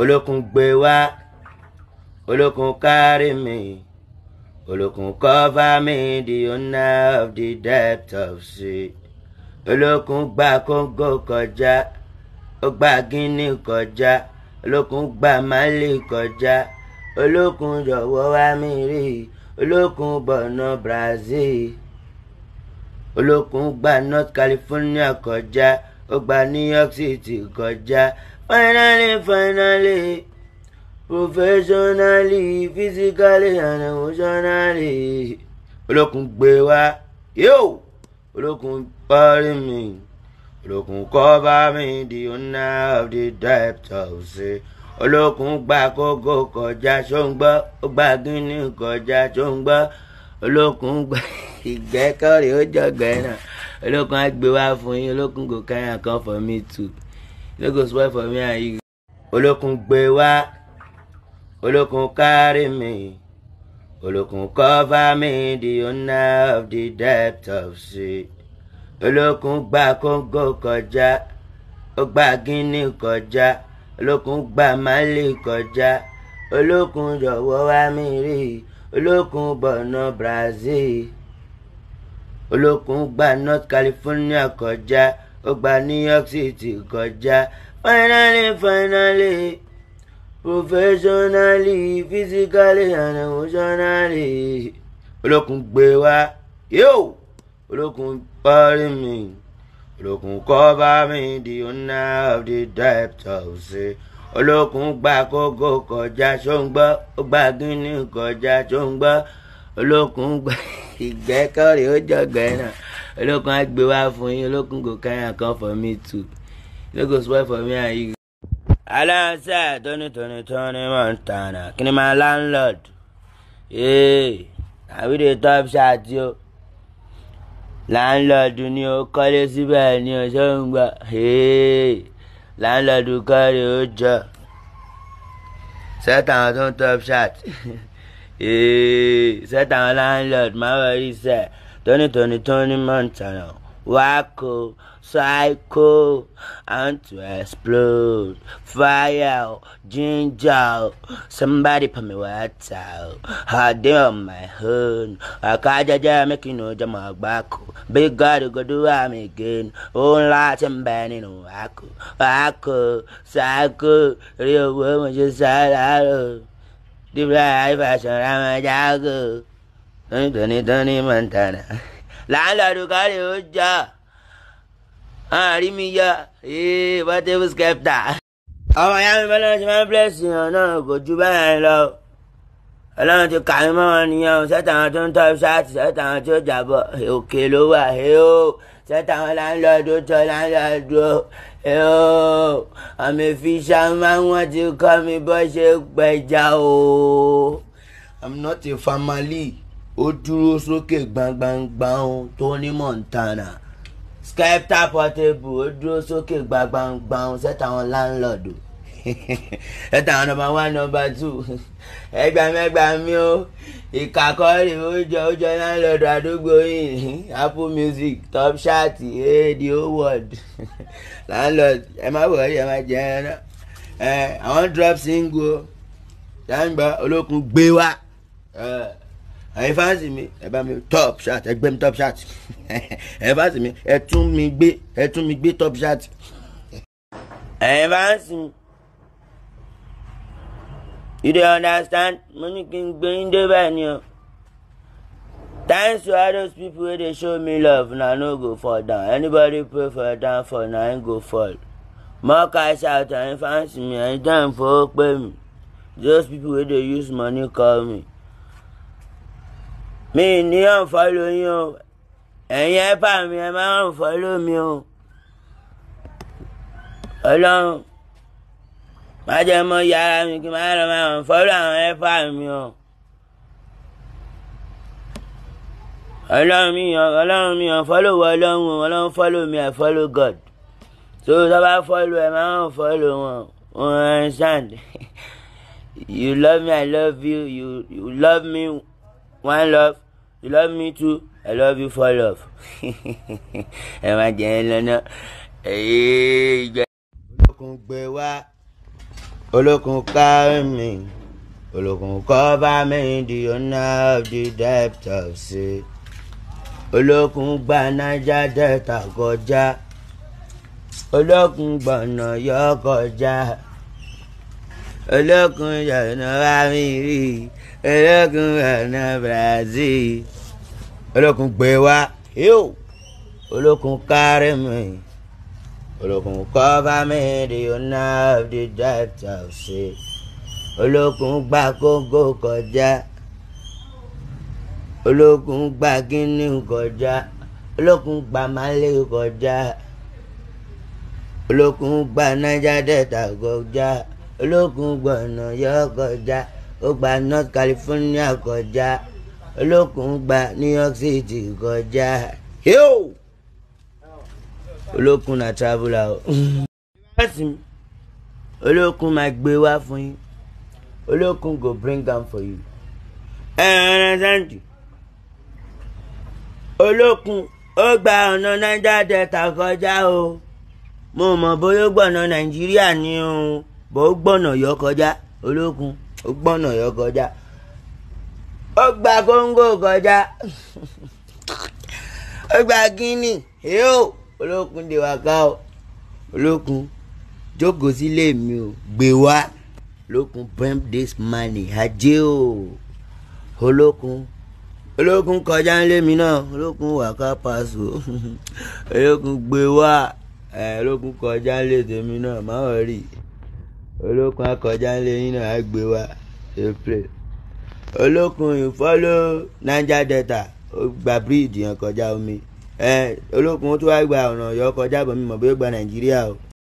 olókun gbé wá olókun carry me olókun cover me the owner of the depth of sea olókun gbà kóńgò kọjá ó gbà gíní kọjá olókun gbà málì kọjá olókun jọ̀wọ́ wá mi rí olókun bọ̀nà Brazil olókun gbà North California kọjá ó gba New York City kọjá finally finally professionally physically and emotionally olókun gbé wá yóò olókun parí mi olókun cover me the owner of the director ṣe olókun gba kókó kọjá ṣó ń gbọ́ ó gba gíní kọjá ṣó ń gbọ́ olókun gba ìgbẹ́kọ̀rẹ́ ó jọ̀gbẹ́ náà olókun á gbé wá fún yín olókun go carry am come for me too no go for me and you. olókun gbé wá olókun carry me olókun cover me the owner of the depth of sea olókun gba kóńgò kọjá ó gba gíní kọjá olókun gba málì kọjá olókun jọ̀wọ́ wá mi rí olókun bọ̀nà Brazil olókun gba north california kọjá ó gba new york city kọjá finally finally professionally physically and emotionally olókun gbé wá yóò olókun parí mi olókun cover me the owner of the director ṣe olókun gba kókó kọjá ṣó ń gbọ́ ó gba gíní kọjá ṣó ń gbọ́ olókun gba ìgbẹ́ kọ́rẹ́ ó jọ̀gbẹ́ náà olókun á gbé wá fún yín olókun kò káyà kan for me too olókun spoil for me and you. aláǹsà tóní tóní montana kí ni my landlord ee àbí the top shot yóò láńlọ́ọ̀dù ni ó kọ́lé síbẹ̀ ni ó ṣe ń gbà láńlọ́ọ̀dù kọ́lé ó jọ sẹ́tà àwọn tó ń top shot. Eh, sẹ́tàn landlord máa wọlé sẹ́ tóní tóní tóní montana wákò psycho and to explode fire ginger somebody put me water o hard day on my own ọ̀ka jẹjẹ mi kì í nù jọmọ àgbákò big god go do am again òun láti ń bẹ nínú wákò wákò psycho real owó just ṣe sára dìbò àìfàṣọra máa jágò tónítóní mọ̀ntànà láńlọ́ọ̀dù kárí ó jà àrímíyá ee portable skepta. ọmọ ìyá mi bọ́lá ti máa ń bílẹ̀sì hàn náà kò ju báyìí lọ ọlọ́run ti kà mí mọ́ wọn nìyẹn o sẹ́tà àwọn tó ń tọ́ ṣáàtì sẹ́tà àwọn tó jàbọ̀ òkè ló wà ẹ̀ o sẹ́tà àwọn láńlọ́ọ̀dù tó láńlọ́ọ̀dù Help, I'm a fisherman, want you call me bọ́ṣẹ́ pẹja o. I'm not a family. Ó dúró sókè gbangbangban o, Tony Montana. Skype tap portable, ó dúró sókè gbangbangban o, sẹ́tà àwọn láńlọ́ọ̀dù ẹ tàwọn nọmba one nọmba two ẹgbàmẹgbà mi ó ìkàkọ́rì ó jọ ó jọ náà lọ́dọ̀ àdúgbò yìí apple music top chart radio world landlord ẹ má wọrí ẹ má jẹ ẹ náà ẹ àwọn drop single ṣáàgbà olókun gbé wá ẹ̀yin fáǹsì mi ẹ bá mi top shot ẹ gbé mi top shot ẹ̀yin fáǹsì mi ẹ tún mi gbé ẹ tún mi gbé top shot ẹ̀yin fáǹsì mi you don't understand Money can bring the gbé thanks to all those people where they show me love I no go fall down anybody pray for down for na him go fall more cash out and him fancy me and time for o pay me those people where they use money call me Me, ní follow you, and ẹ̀yin ẹ̀pà me. I'm follow mi o má jẹ́ mọ́ yàrá mi kí n má lọ máa fọ́lọ́ àwọn ẹ̀fà mi o. ọlọ́run mi yàn ọlọ́run mi yàn fọ́lọ́ wọ ọlọ́run ọlọ́run fọ́lọ́ mi ẹ̀ fọ́lọ́ God So tó bá fọ́lọ́ ẹ̀ máa ń fọ́lọ́ wọn wọn ẹ̀ you love me I love you you you love me one love you love me too I love you for love ẹ máa jẹ́ ẹ lọ́nà ẹ̀yẹ́ ìjọ. gbẹ wá olókun carry me olókun cover me the owner of the depth of sea olókun gba Niger Delta kọjá olókun gbọ̀nà yọ kọjá olókun yọ̀nà amírí olókun yọ̀nà Brazil olókun gbé wá olókun carry me olókun cover me the owner of the drive house ṣe olókun gba kóńgò kọjá olókun gba gíní kọjá olókun gba malé kọjá olókun gba naija delta kọjá olókun gba ọ̀nà yọ kọjá ó gba north california kọjá olókun gba new york city kọjá. Yo! olókun na traveller o. person olókun máa gbé wá fún yín olókun go bring am for you. ẹ ẹ ẹ olókun ó gba ọ̀nà niger delta kọjá o mo mọ̀ bóyá ó gbọ̀nà nàìjíríà ni o bó gbọ̀nà yọ kọjá olókun ó gbọ̀nà yọ kọjá ó gba kóńgò kọjá ó gba gíní èyí olókun dè wá ká o olókun jókòó sílé mi o gbé wá olókun bring this money ajé o olókun olókun kọjá ńlé mi náà olókun wà ká pàṣọ olókun gbé wá ẹ olókun kọjá ńlé tèmi náà má wọ rí olókun akọjá ńlé yín náà á gbé wá ẹ play olókun ìfọlọ niger delta ó gba bíríìjì yẹn kọjá omi. olókun ó tún wá gba ọ̀nà ọ̀yọ́ kọjá bọ̀ mímọ̀ bí ó gba nàìjíríà o